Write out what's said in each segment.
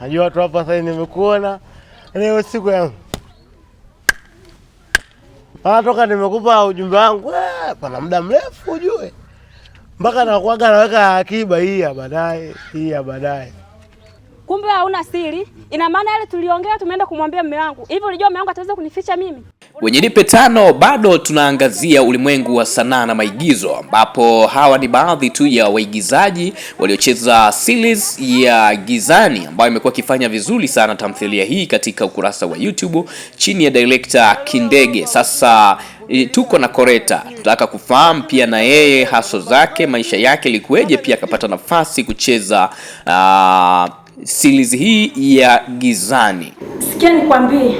Najua watu hapa sasa, nimekuona leo siku yangu ah, toka nimekupa ujumbe wangu, eh, pana muda mrefu ujue, mpaka nakuaga naweka akiba hii ya baadaye, hii ya baadaye. Kumbe hauna siri. Ina maana yale tuliongea tumeenda kumwambia mume wangu. Hivi ulijua mume wangu ataweza kunificha mimi? Kwenye Nipe Tano bado tunaangazia ulimwengu wa sanaa na maigizo, ambapo hawa ni baadhi tu ya waigizaji waliocheza series ya Gizani ambayo imekuwa ikifanya vizuri sana tamthilia hii katika ukurasa wa YouTube chini ya director Kindege. Sasa e, tuko na Koreta, tunataka kufahamu pia na yeye haso zake, maisha yake likuweje, pia akapata nafasi kucheza uh, series hii ya Gizani. Sikia nikwambie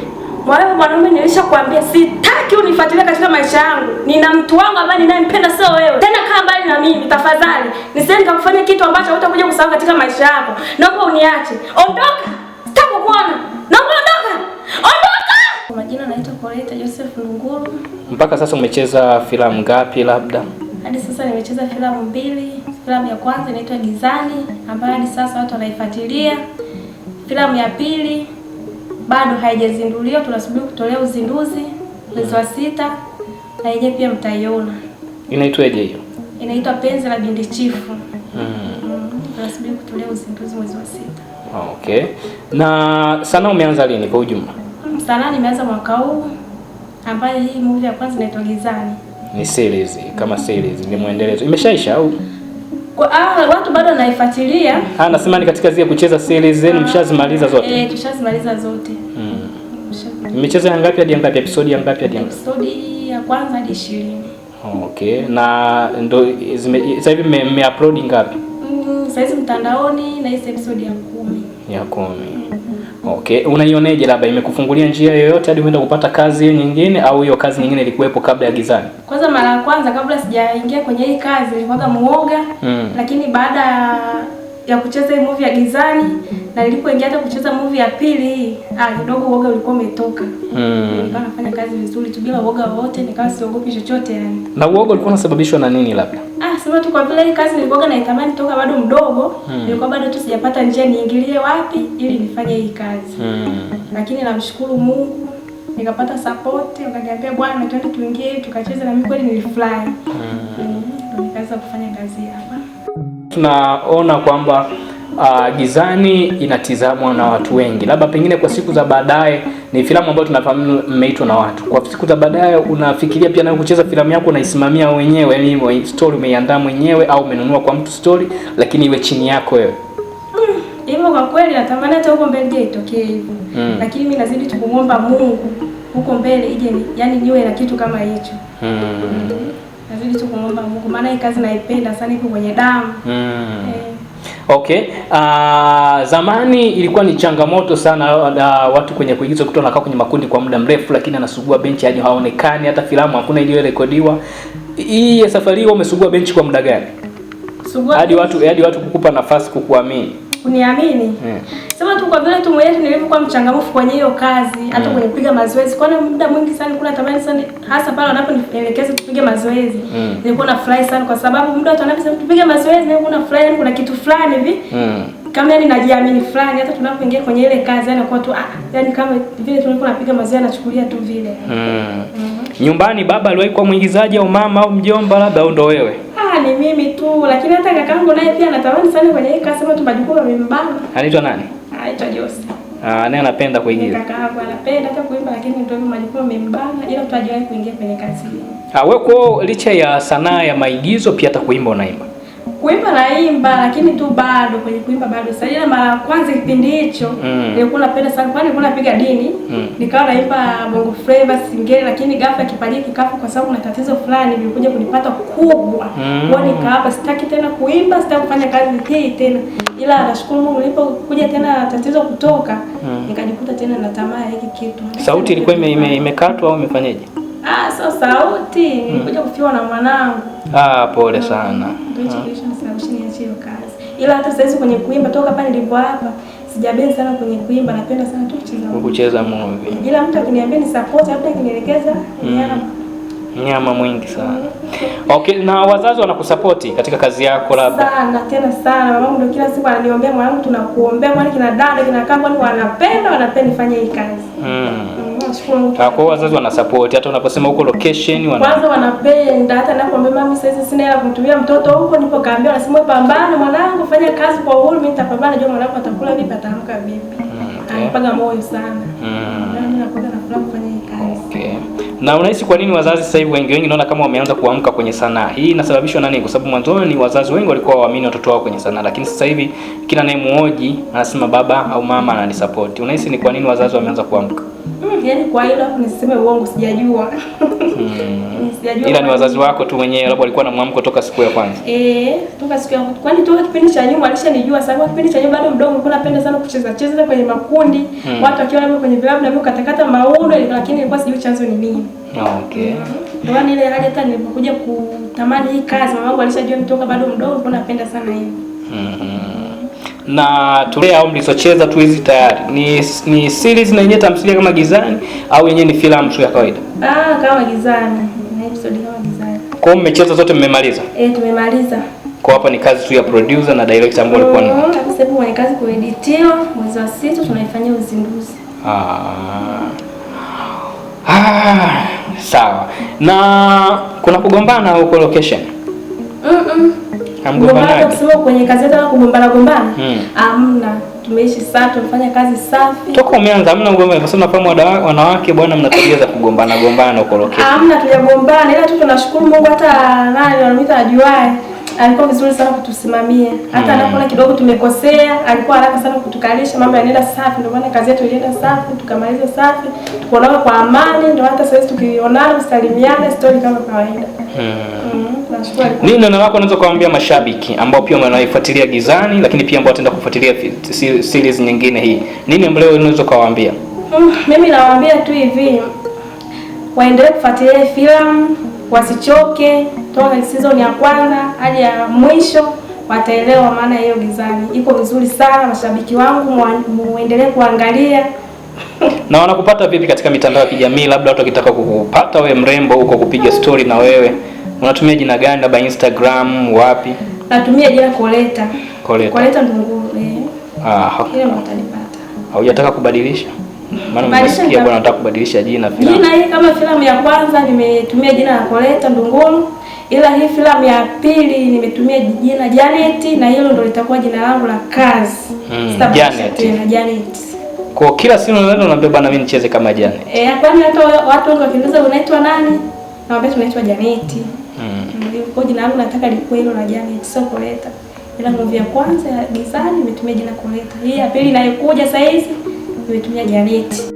mwanangu, mwanaume, nilishakwambia sitaki unifuatilie katika maisha yangu. Nina mtu wangu ambaye ninayempenda, sio wewe. Tena kaa mbali na mimi tafadhali, nisije nikakufanya kitu ambacho hutakuja kusahau katika maisha yako. Naomba uniache, ondoka, sitaki kukuona. Naomba ondoka, ondoka. Kwa majina naitwa Coleta Joseph Lunguru. Mpaka sasa umecheza filamu ngapi? Labda hadi sasa nimecheza filamu mbili. Filamu ya kwanza inaitwa Gizani ambayo hadi sasa watu wanaifuatilia. Filamu ya pili bado haijazinduliwa, tunasubiri kutolea uzinduzi mwezi wa sita, na yenyewe pia mtaiona. Inaitwaje hiyo? Inaitwa Penzi la Bindi Chifu. Mm. mm. Tunasubiri kutolea uzinduzi mwezi wa sita. Okay. Na sanaa umeanza lini kwa ujumla? Mm, sanaa nimeanza mwaka huu ambayo hii movie ya kwanza inaitwa Gizani. Ni series kama series ni mwendelezo. Imeshaisha au? Kwa ah, watu bado wanaifuatilia. Ah, nasema ni katika zile kucheza series zenu ah, mshazimaliza eh, zote. Eh, tushazimaliza zote. Mm. Michezo ya ngapi hadi ngapi? Episode ya ngapi hadi ngapi? Episode ya kwanza hadi 20. Okay. Na ndo sasa hivi mmeupload ngapi? Mm, sasa hizi mtandaoni na hii episode ya 10. Ya 10. Mm. Okay, unaioneje, labda imekufungulia njia yoyote hadi uenda kupata kazi nyingine au hiyo kazi nyingine ilikuwepo kabla ya Gizani? Kwanza mara ya kwanza kabla sijaingia kwenye hii kazi nilikuwa muoga mm. Lakini baada ya kucheza hii movie ya Gizani na nilipoingia hata kucheza movie ya pili hii, ah, kidogo uoga ulikuwa umetoka. Mm. Nilikuwa nafanya kazi vizuri tu bila uoga wote, nikawa siogopi chochote yani. Na uoga ulikuwa unasababishwa na nini labda? Ah, sema tu kwa vile hii kazi nilikuwa naitamani toka bado mdogo hmm. nilikuwa bado tu sijapata njia niingilie wapi ili nifanye hii kazi hmm. lakini namshukuru Mungu nikapata support, wakaniambia bwana, twende tuingie tukacheze, na mimi kweli nilifurahi hmm. hmm nikaanza kufanya kazi hapa. Tunaona kwamba uh, gizani inatizamwa na watu wengi, labda pengine kwa siku za baadaye. Ni filamu ambayo tunafahamu mmeitwa na watu kwa siku za baadaye. Unafikiria pia na kucheza filamu yako, unaisimamia wenyewe, yani story umeiandaa mwenyewe au umenunua kwa mtu story, lakini iwe chini yako wewe mm, hivyo kwa kweli natamani hata huko mbele je itokee hivyo mm. Lakini mimi nazidi kumwomba Mungu huko mbele ije, yani niwe na kitu kama hicho mm. Mm. Nazidi kumwomba Mungu, maana hii kazi naipenda sana, iko kwenye damu mm. eh. Okay. Uh, zamani ilikuwa ni changamoto sana uh, watu kwenye kuigiza kuto nakaa kwenye makundi kwa muda mrefu, lakini anasugua benchi yaani haonekani, hata filamu hakuna iliyorekodiwa. Hii ya safari hii umesugua benchi kwa muda gani? Hadi watu hadi watu kukupa nafasi kukuamini. Kuniamini? Hmm kwa vile tu mwenyewe nilivyokuwa mchangamfu kwenye hiyo kazi hata mm. kwenye kupiga mazoezi, kwa kwani muda mwingi sana kuna tamani sana hasa pale wanaponielekeza tupige mazoezi mm. nilikuwa na nafurahi sana, kwa sababu muda watu wanaposema tupige mazoezi nilikuwa nafurahi, yani kuna kitu fulani hivi mm. kama yani najiamini fulani, hata tunapoingia kwenye ile kazi yani kwa tu ah, yani kama vile tulikuwa tunapiga mazoezi anachukulia tu vile mm. mm. Nyumbani baba aliwahi kuwa mwigizaji au mama au mjomba labda, au ndo wewe? Ah, ni mimi tu, lakini hata kakangu naye pia anatamani sana kwenye hii kazi, kama tu majukumu yamembana. Anaitwa nani? Anaitwa Jose. Ah, naye anapenda kuingia. Kaka yangu anapenda hata kuimba lakini ndio majukumu yamembana ila tutajiwahi kuingia kwenye kazi. Ah, wewe kwa licha ya sanaa ya maigizo pia hata kuimba unaimba kuimba naimba, lakini tu bado kwenye kuimba bado. Sasa ile mara kwanza kipindi hicho mm. nilikuwa napenda sana, kwani nilikuwa napiga dini mm. nikawa naimba bongo flava singeli, lakini ghafla kipaji kikafu kwa sababu na tatizo fulani nilikuja kunipata kubwa mm. kwa nikaapa, sitaki tena kuimba, sitaki kufanya kazi hii tena, ila nashukuru Mungu kuja tena tatizo kutoka mm. nikajikuta tena na tamaa hiki kitu. Sauti ilikuwa imekatwa ime, ime au imefanyaje? Ah, so sauti nilikuja kufiwa na mwanangu. Ah, pole sana. Mm, ah. Ila hata sasa kwenye kuimba toka pale nilipo hapa sijabeni sana kwenye kuimba, napenda sana tu kucheza movie. Kucheza movie. Ila mtu akiniambia ni support, labda akinielekeza mm. nyama. Nyama mwingi sana. Mm. Okay, na wazazi wanakusapoti katika kazi yako labda? Sana, tena sana. Mama ndio kila siku ananiombea mwanangu, tunakuombea, kwani kina dada, kina kaka, wanapenda, wanapenda nifanye hii kazi. Mm. Kwa wazazi wana support hata unaposema huko location wana kwanza wanapenda hata nakwambia mami sasa sina hela kumtumia mtoto huko nipo kaambia wanasema pambana mwanangu fanya kazi kwa uhuru mimi nitapambana jua mwanangu atakula vipi ataamka vipi anapaga moyo sana. Hmm. Yaani okay. Na unahisi kwa nini wazazi sasa hivi wengi wengi naona kama wameanza kuamka kwenye sanaa hii? Inasababishwa nani? Kwa sababu mwanzoni wazazi wengi walikuwa waamini watoto wao kwenye sanaa, lakini sasa hivi kila nayemuoji anasema baba au mama ananisapoti. Unahisi ni kwa nini wazazi wameanza kuamka? Mm, yani kwa hilo niseme uongo sijajua. mm. sijajua. ila ni wazazi wako tu mwenyewe, labda walikuwa na mwamko toka siku ya kwanza. Eh, toka siku ya kwanza, kwani toka kipindi cha nyuma alishanijua. Sababu kipindi cha nyuma bado mdogo, nilikuwa napenda sana kucheza cheza kwenye makundi hmm. watu wakiwa hapo kwenye vilabu na mimi katakata maundo, lakini ilikuwa sijui chanzo ni nini. Okay. Hmm. Ndio ile hali hata nilipokuja kutamani hii kazi, mama wangu alishajua nitoka bado mdogo, nilikuwa napenda sana hiyo. Hmm. na tulea au mlizocheza tu hizi tayari ni, ni series na yenyewe tamthilia kama Gizani au yenyewe ni filamu tu ya kawaida? Ah, kama Gizani. Kwa hiyo mmecheza zote mmemaliza? Eh, tumemaliza. Kwa hapa ni kazi tu ya producer na director ambao walikuwa nao. Kabisa mm, hapo ni kazi kueditiwa, mwezi wa sita tunaifanyia uzinduzi. Ah. Ah, sawa. Na kuna kugombana huko location? Mm. -mm. Hamgombana. Kwenye kazi yetu kugombana gombana? Mm. Hamna. Mm tumeishi sana, tumefanya kazi safi toka umeanza, hamna ugomvi, kwa sababu nafahamu wanawake bwana, mna tabia za kugombana gombana na ukorokea. Hamna, tujagombana, ila tu tunashukuru Mungu. Hata nani anamwita ajuae alikuwa vizuri sana kutusimamia, hata hmm. anapoona kidogo tumekosea, alikuwa haraka sana kutukalisha, mambo yanaenda safi. Ndio maana kazi yetu ilienda safi, tukamaliza safi, tukaonana kwa amani. Ndio hata sasa tukionana, tusalimiane, story kama kawaida. hmm. hmm. Nini neno lako unaweza kuwaambia mashabiki ambao pia wanaifuatilia gizani, lakini pia ambao wataenda kufuatilia series nyingine hii, nini ambayo unaweza kuwaambia? Mm, mimi nawaambia tu hivi waendelee kufuatilia filamu, wasichoke toka season ya kwanza hadi ya mwisho, wataelewa maana hiyo gizani iko vizuri sana. Mashabiki wangu muendelee kuangalia. na wanakupata vipi katika mitandao ya kijamii, labda watu wakitaka kukupata wewe mrembo huko kupiga story na wewe Unatumia jina gani, labda Instagram wapi? Natumia jina Koleta. Koleta. Koleta Ndunguru. Eh. Ah, hapo. mtanipata. haujataka kubadilisha? Maana nimesikia bwana anataka kubadilisha jina filamu. Jina hii kama filamu ya kwanza nimetumia jina la Koleta Ndunguru, ila hii filamu ya pili nimetumia jina Janet na hilo ndo litakuwa jina langu la kazi. Hmm, Janet. Tena Janet. Kwa kila simu unaenda unaambia bwana mimi nicheze kama Janet. Eh, hapana hata watu wengi wakiniuliza unaitwa nani? Naambia tunaitwa Janeti. Kwa jina langu nataka likuwe hilo la Janet, sio Koleta. Ila movie ya kwanza ya Gizani nimetumia jina Koleta. Hii ya pili inayokuja sasa hizi nimetumia Janet.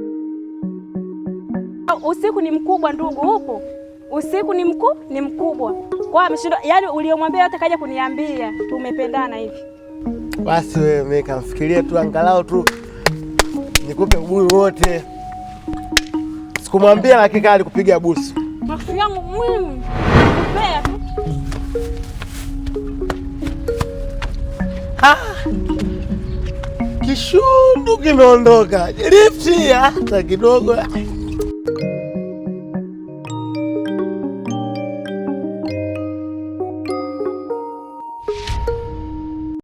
Usiku ni mkubwa ndugu, upo? usiku ni mkuu ni mkubwa kwa mshindo, yaani uliomwambia yote kaja kuniambia tumependana hivi. Basi wewe mimi kamfikirie tu angalau tu nikupe ubuyu wote, sikumwambia hakika alikupiga busu. Mafikiri yangu mimi Ah! Kishudu kimeondoka, lifti hata kidogo.